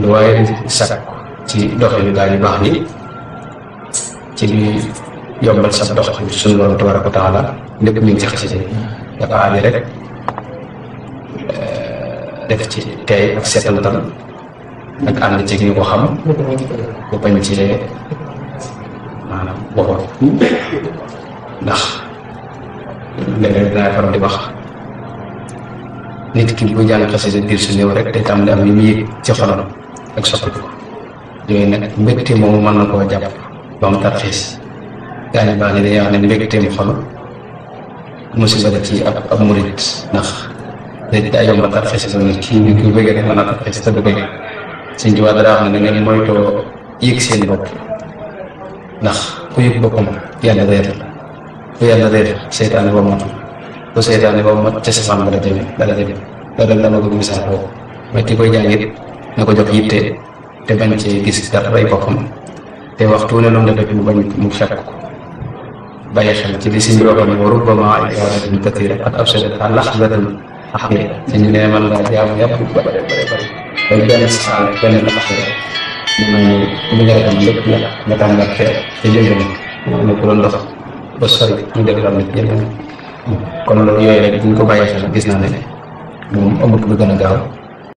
lu waaye nit sàkku ci doxalin yi ñu baax ni ci li yombal sa dox bi suñu borom tabaraka taala lépp mi ngi ci xasida yi dafa aadi rek eh, def ci tey ak seetantal ak ànd ci ñu ko xam bu bañ ci lee maanaam boppam ndax léeg-léeg dinaa faral di wax nit ki bu jàng xasida diir su néew rek day tàmbali mu yëg ci xolam ak sopp yooyu nag mbégte moomu man na koo jàpp ba mu tarxiis gaa ñu baax ni dañuy wax ne mbégteem xol musiba la ci ab ab murit ndax dañ daa yomb a tarxiis ba ni kii bi mën a tarxiis te dara wax ne da ngeen moytoo yëg seen bopp ndax ku yëg boppam yàlla réer ku yàlla réer seytaane ba mat ku seytaane ba mat ca safaan ba la jëme dala dem loolu dama bëgg misaal boobu ma koy jàngit na ko jox yitte te bañ cee gis daray boppam te waxtu ne loolu la def mu bañ mu fekk ko bàyyi xel ci li si ñu waxoon wa rubbama ibaadatin katira qad afsadatha lahzatan axiira dañu ne man laa jaamu yàpp bu bare bare bare bay benn la taxawee ne li ko doon dox ba sori ñu def la nit ñëpp kon loolu yooyu ne bu ñu ko bàyyee xel gis naa ne moom ëmb bi gën a gaaw